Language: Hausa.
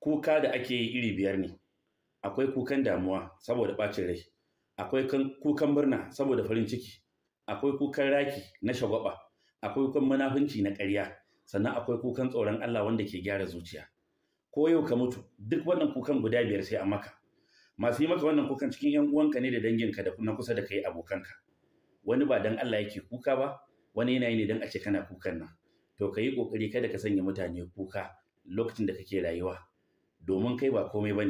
kuka da ake yi iri biyar ne akwai kukan damuwa saboda ɓacin rai akwai kukan murna saboda farin ciki akwai kukan raki na shagwaba akwai kukan munafunci na ƙarya sannan akwai kukan tsoron Allah wanda ke gyara zuciya ko yau ka mutu duk wannan kukan guda biyar sai a maka masu yi maka wannan kukan cikin yan uwanka ne da danginka da na kusa da kai abokanka wani ba dan Allah yake kuka ba wani yana yi ne dan a ce kana kukan nan to ka yi kokari kada ka sanya mutane kuka lokacin da kake rayuwa domin kai ba komai ba ne